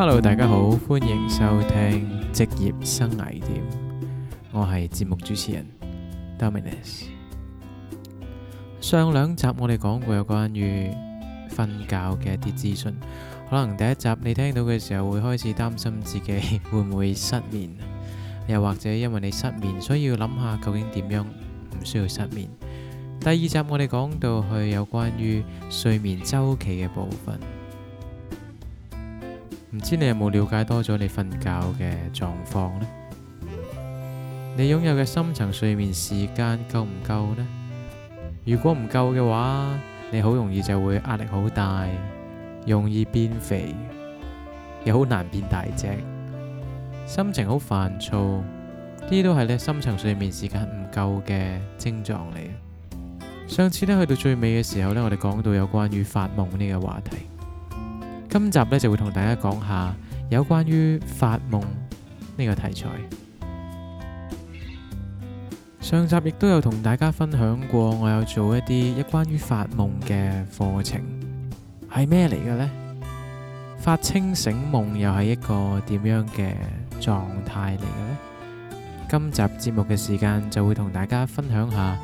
Hello，大家好，歡迎收聽職業生涯點，我係節目主持人 Dominus。上兩集我哋講過有關於瞓覺嘅一啲資訊，可能第一集你聽到嘅時候會開始擔心自己會唔會失眠，又或者因為你失眠，所以要諗下究竟點樣唔需要失眠。第二集我哋講到去有關於睡眠週期嘅部分。唔知你有冇了解多咗你瞓覺嘅狀況呢？你擁有嘅深層睡眠時間夠唔夠呢？如果唔夠嘅話，你好容易就會壓力好大，容易變肥，又好難變大隻，心情好煩躁，呢啲都係你深層睡眠時間唔夠嘅症狀嚟。上次呢去到最尾嘅時候呢，我哋講到有關於發夢呢個話題。今集呢就會同大家講下有關於發夢呢個題材。上集亦都有同大家分享過，我有做一啲一關於發夢嘅課程，係咩嚟嘅呢？發清醒夢又係一個點樣嘅狀態嚟嘅呢？今集節目嘅時間就會同大家分享下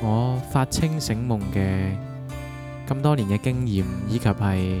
我發清醒夢嘅咁多年嘅經驗，以及係。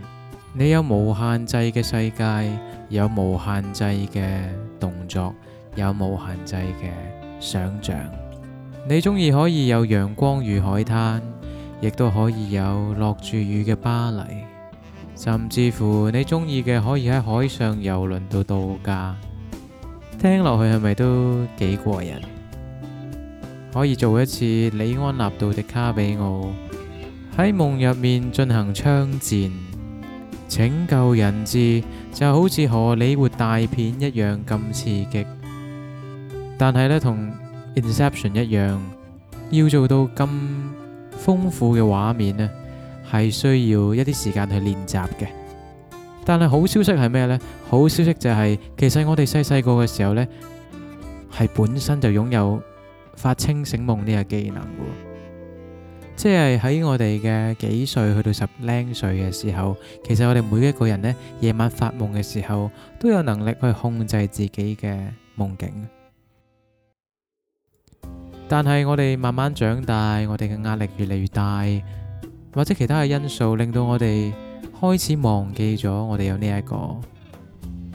你有無限制嘅世界，有無限制嘅動作，有無限制嘅想象。你中意可以有陽光與海灘，亦都可以有落住雨嘅巴黎，甚至乎你中意嘅可以喺海上遊輪度度假。聽落去係咪都幾過癮？可以做一次李安納度狄卡比奧喺夢入面進行槍戰。拯救人質就好似荷里活大片一樣咁刺激，但係呢，同《Inception》一樣，要做到咁豐富嘅畫面呢，係需要一啲時間去練習嘅。但係好消息係咩呢？好消息就係，其實我哋細細個嘅時候呢，係本身就擁有發清醒夢呢個技能嘅。即係喺我哋嘅幾歲去到十零歲嘅時候，其實我哋每一個人呢，夜晚發夢嘅時候，都有能力去控制自己嘅夢境。但係我哋慢慢長大，我哋嘅壓力越嚟越大，或者其他嘅因素令到我哋開始忘記咗我哋有呢一個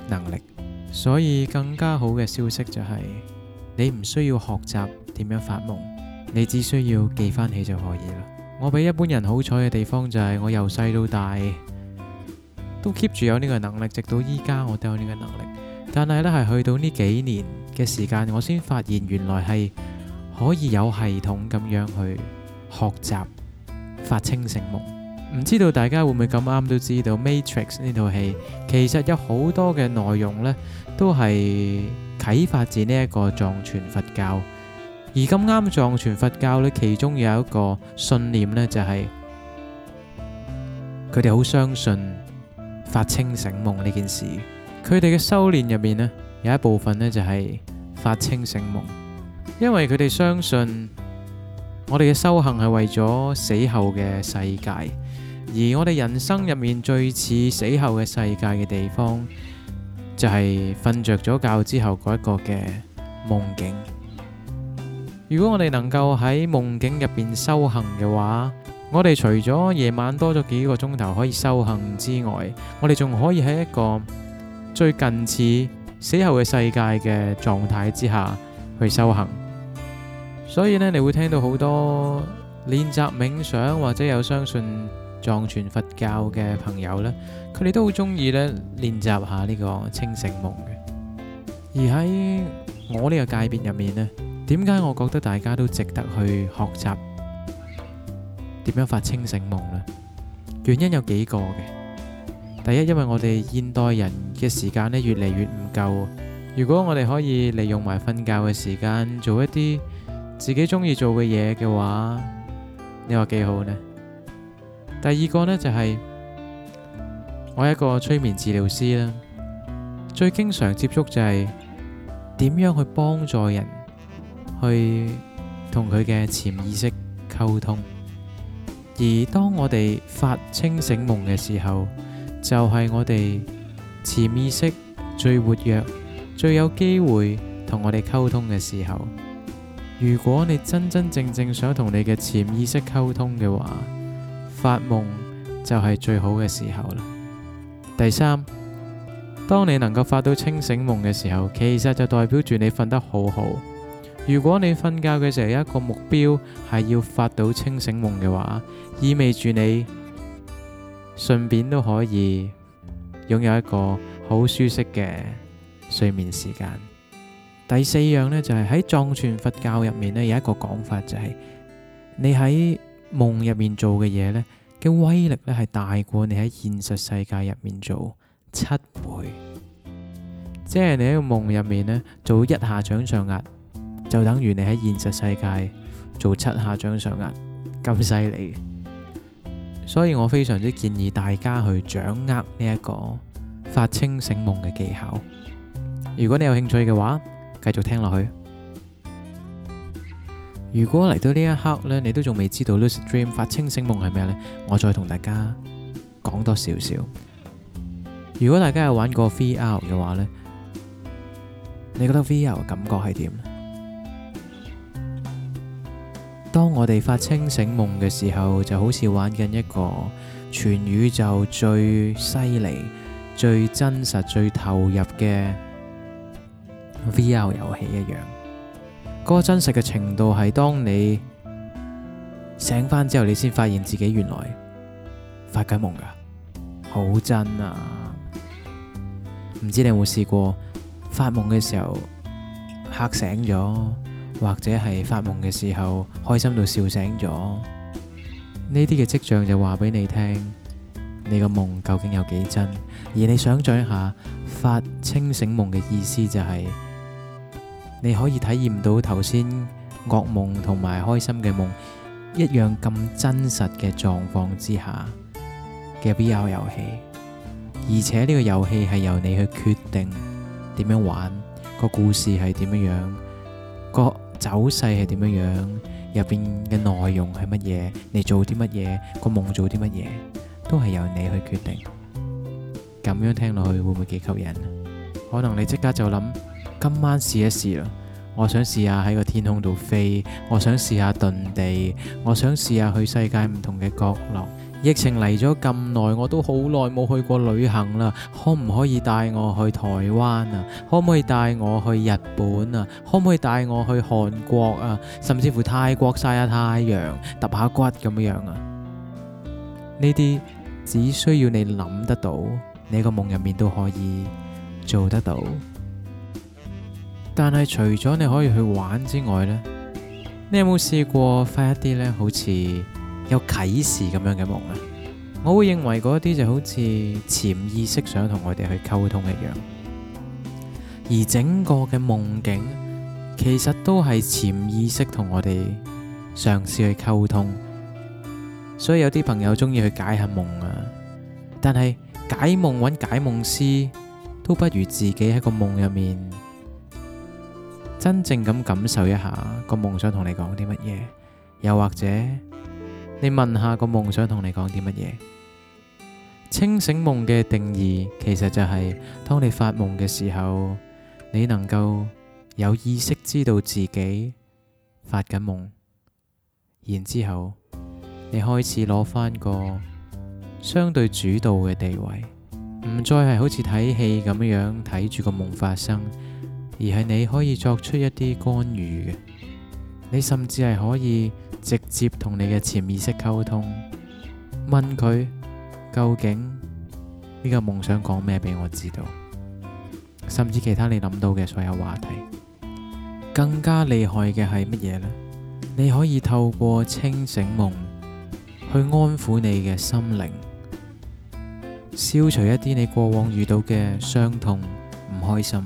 能力。所以更加好嘅消息就係，你唔需要學習點樣發夢。你只需要記翻起就可以啦。我比一般人好彩嘅地方就係，我由細到大都 keep 住有呢個能力，直到依家我都有呢個能力。但係呢，係去到呢幾年嘅時間，我先發現原來係可以有系統咁樣去學習發清醒夢。唔知道大家會唔會咁啱都知道《Matrix》呢套戲，其實有好多嘅內容呢，都係啟發自呢一個藏傳佛教。而咁啱藏傳佛教咧，其中有一個信念咧，就係佢哋好相信發清醒夢呢件事。佢哋嘅修煉入面咧，有一部分咧就係發清醒夢，因為佢哋相信我哋嘅修行係為咗死後嘅世界，而我哋人生入面最似死後嘅世界嘅地方，就係瞓着咗覺之後嗰一個嘅夢境。如果我哋能夠喺夢境入邊修行嘅話，我哋除咗夜晚多咗幾個鐘頭可以修行之外，我哋仲可以喺一個最近似死後嘅世界嘅狀態之下去修行。所以呢，你會聽到好多練習冥想或者有相信藏傳佛教嘅朋友，呢佢哋都好中意呢練習下呢個清醒夢嘅。而喺我呢個界別入面呢。點解我覺得大家都值得去學習點樣發清醒夢呢？原因有幾個嘅。第一，因為我哋現代人嘅時間呢越嚟越唔夠，如果我哋可以利用埋瞓覺嘅時間做一啲自己中意做嘅嘢嘅話，你話幾好呢？第二個呢，就係我係一個催眠治療師啦，最經常接觸就係點樣去幫助人。去同佢嘅潛意識溝通，而當我哋發清醒夢嘅時候，就係我哋潛意識最活躍、最有機會同我哋溝通嘅時候。如果你真真正正想同你嘅潛意識溝通嘅話，發夢就係最好嘅時候啦。第三，當你能夠發到清醒夢嘅時候，其實就代表住你瞓得好好。如果你瞓覺嘅時候，有一個目標係要發到清醒夢嘅話，意味住你順便都可以擁有一個好舒適嘅睡眠時間。第四樣呢，就係喺藏傳佛教入面呢，有一個講法，就係你喺夢入面做嘅嘢呢，嘅威力呢係大過你喺現實世界入面做七倍，即係你喺夢入面呢，做一下掌上壓。就等於你喺現實世界做七下掌上壓咁犀利嘅，所以我非常之建議大家去掌握呢一個發清醒夢嘅技巧。如果你有興趣嘅話，繼續聽落去。如果嚟到呢一刻呢，你都仲未知道 Lucid Dream 發清醒夢係咩呢，我再同大家講多少少。如果大家有玩過 VR 嘅話呢，你覺得 VR 感覺係點咧？當我哋發清醒夢嘅時候，就好似玩緊一個全宇宙最犀利、最真實、最投入嘅 VR 遊戲一樣。嗰個真實嘅程度係當你醒翻之後，你先發現自己原來發緊夢噶，好真啊！唔知你有冇試過發夢嘅時候嚇醒咗？或者係發夢嘅時候開心到笑醒咗，呢啲嘅跡象就話俾你聽，你個夢究竟有幾真。而你想象一下發清醒夢嘅意思就係、是，你可以體驗到頭先噩夢同埋開心嘅夢一樣咁真實嘅狀況之下嘅 VR 遊戲，而且呢個遊戲係由你去決定點樣玩，個故事係點樣樣，走勢係點樣樣，入邊嘅內容係乜嘢？你做啲乜嘢，個夢做啲乜嘢，都係由你去決定。咁樣聽落去會唔會幾吸引？可能你即刻就諗今晚試一試啦！我想試下喺個天空度飛，我想試下遁地，我想試下去世界唔同嘅角落。疫情嚟咗咁耐，我都好耐冇去過旅行啦。可唔可以帶我去台灣啊？可唔可以帶我去日本啊？可唔可以帶我去韓國啊？甚至乎泰國晒下太陽、揼下骨咁樣樣啊？呢啲只需要你諗得到，你個夢入面都可以做得到。但係除咗你可以去玩之外呢，你有冇試過快一啲呢？好似……有啟示咁樣嘅夢啊，我會認為嗰啲就好似潛意識想同我哋去溝通一樣，而整個嘅夢境其實都係潛意識同我哋嘗試去溝通，所以有啲朋友中意去解下夢啊，但係解夢搵解夢師都不如自己喺個夢入面真正咁感受一下個夢想同你講啲乜嘢？又或者。你問下個夢想同你講啲乜嘢？清醒夢嘅定義其實就係當你發夢嘅時候，你能夠有意識知道自己發緊夢，然之後你開始攞翻個相對主導嘅地位，唔再係好似睇戲咁樣睇住個夢發生，而係你可以作出一啲干預嘅，你甚至係可以。直接同你嘅潛意識溝通，問佢究竟呢個夢想講咩俾我知道，甚至其他你諗到嘅所有話題。更加厲害嘅係乜嘢呢？你可以透過清醒夢去安撫你嘅心靈，消除一啲你過往遇到嘅傷痛、唔開心。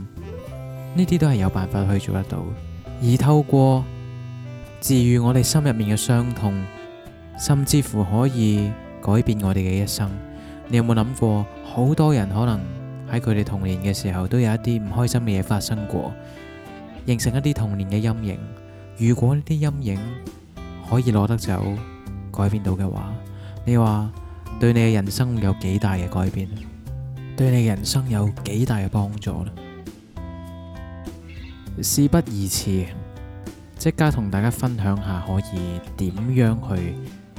呢啲都係有辦法去做得到，而透過。治愈我哋心入面嘅傷痛，甚至乎可以改變我哋嘅一生。你有冇諗過？好多人可能喺佢哋童年嘅時候都有一啲唔開心嘅嘢發生過，形成一啲童年嘅陰影。如果呢啲陰影可以攞得走、改變到嘅話，你話對你嘅人生有幾大嘅改變？對你嘅人生有幾大嘅幫助咧？事不宜遲。即刻同大家分享下可以點樣去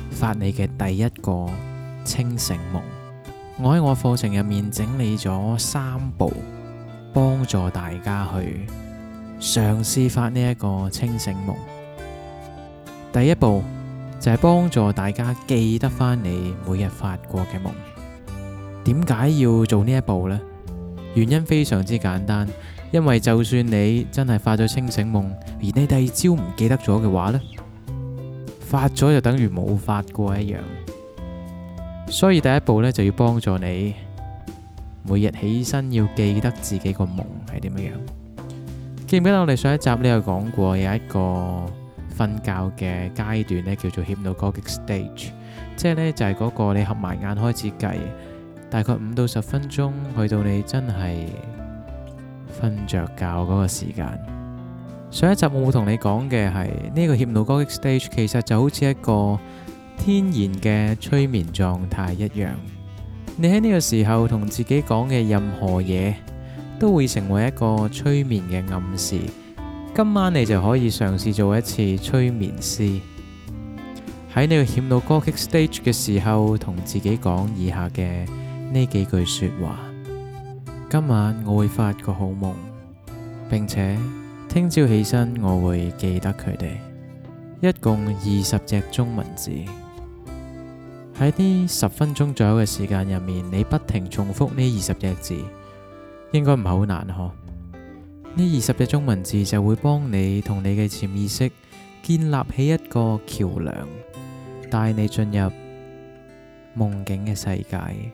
發你嘅第一個清醒夢。我喺我課程入面整理咗三步，幫助大家去嘗試發呢一個清醒夢。第一步就係幫助大家記得翻你每日發過嘅夢。點解要做呢一步咧？原因非常之簡單。因為就算你真係發咗清醒夢，而你第二朝唔記得咗嘅話呢，發咗就等於冇發過一樣。所以第一步呢，就要幫助你每日起身要記得自己個夢係點樣。記唔記得我哋上一集呢有講過有一個瞓覺嘅階段呢叫做 Hypnagogic stage，即係呢就係嗰個你合埋眼開始計，大概五到十分鐘去到你真係。瞓着覺嗰個時間，上一集我會同你講嘅係呢個怯怒歌劇 stage，其實就好似一個天然嘅催眠狀態一樣。你喺呢個時候同自己講嘅任何嘢，都會成為一個催眠嘅暗示。今晚你就可以嘗試做一次催眠師，喺你去怯怒歌劇 stage 嘅時候，同自己講以下嘅呢幾句說話。今晚我會發個好夢，並且聽朝起身我會記得佢哋。一共二十隻中文字，喺呢十分鐘左右嘅時間入面，你不停重複呢二十隻字，應該唔係好難呵。呢二十隻中文字就會幫你同你嘅潛意識建立起一個橋梁，帶你進入夢境嘅世界。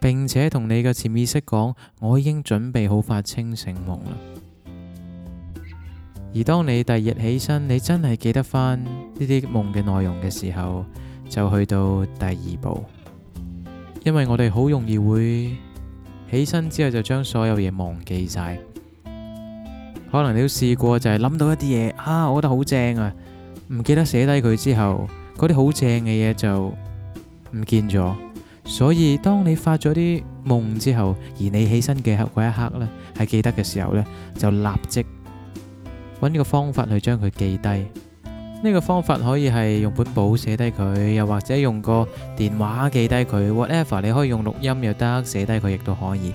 並且同你嘅潛意識講，我已經準備好發清醒夢啦。而當你第二日起身，你真係記得翻呢啲夢嘅內容嘅時候，就去到第二步。因為我哋好容易會起身之後就將所有嘢忘記晒，可能你都試過就係諗到一啲嘢啊，我覺得好正啊，唔記得寫低佢之後，嗰啲好正嘅嘢就唔見咗。所以當你發咗啲夢之後，而你起身嘅嗰一刻咧，係記得嘅時候咧，就立即揾個方法去將佢記低。呢個方法可以係用本簿寫低佢，又或者用個電話記低佢，whatever 你可以用錄音又得，寫低佢亦都可以。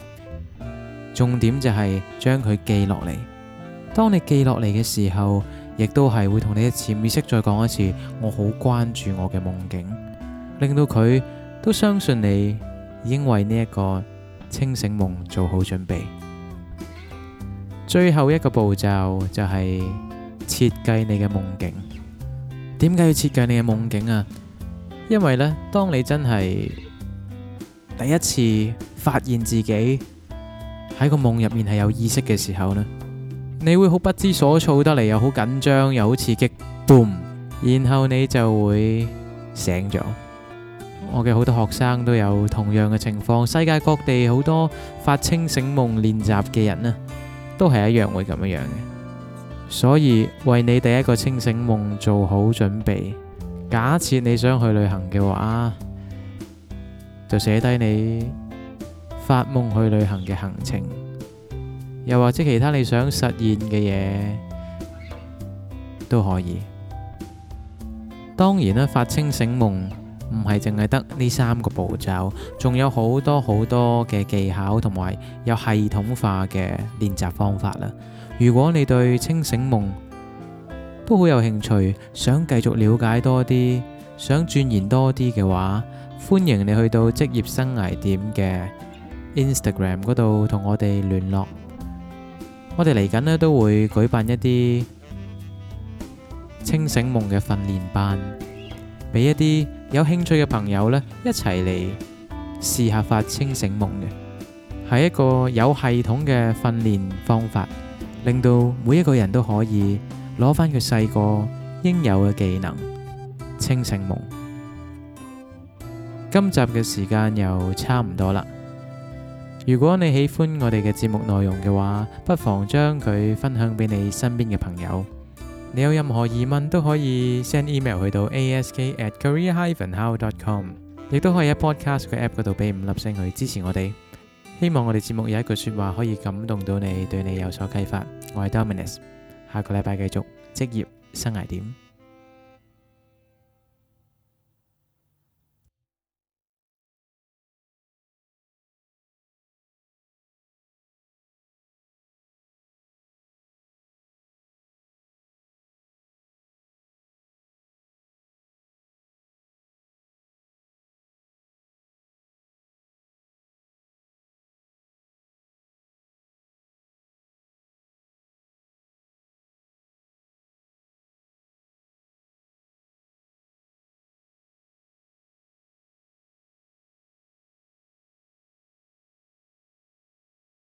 重點就係將佢記落嚟。當你記落嚟嘅時候，亦都係會同你嘅潛意識再講一次，我好關注我嘅夢境，令到佢。都相信你已經為呢一個清醒夢做好準備。最後一個步驟就係設計你嘅夢境。點解要設計你嘅夢境啊？因為呢，當你真係第一次發現自己喺個夢入面係有意識嘅時候呢，你會好不知所措得嚟，又好緊張，又好刺激，boom，然後你就會醒咗。我嘅好多學生都有同樣嘅情況，世界各地好多發清醒夢練習嘅人呢，都係一樣會咁樣嘅。所以為你第一個清醒夢做好準備，假設你想去旅行嘅話，就寫低你發夢去旅行嘅行程，又或者其他你想實現嘅嘢都可以。當然啦，發清醒夢，唔係淨係得呢三個步驟，仲有好多好多嘅技巧，同埋有系統化嘅練習方法啦。如果你對清醒夢都好有興趣，想繼續了解多啲，想鑽研多啲嘅話，歡迎你去到職業生涯點嘅 Instagram 嗰度同我哋聯絡。我哋嚟緊呢都會舉辦一啲清醒夢嘅訓練班。俾一啲有興趣嘅朋友呢，一齊嚟試下發清醒夢嘅，係一個有系統嘅訓練方法，令到每一個人都可以攞返佢細個應有嘅技能，清醒夢。今集嘅時間又差唔多啦，如果你喜歡我哋嘅節目內容嘅話，不妨將佢分享俾你身邊嘅朋友。你有任何疑問都可以 send email 去到 ask@career-how.com，亦都可以喺 podcast 嘅 app 嗰度俾五粒星去支持我哋。希望我哋節目有一句説話可以感動到你，對你有所啟發。我係 Dominus，下個禮拜繼續職業生涯點。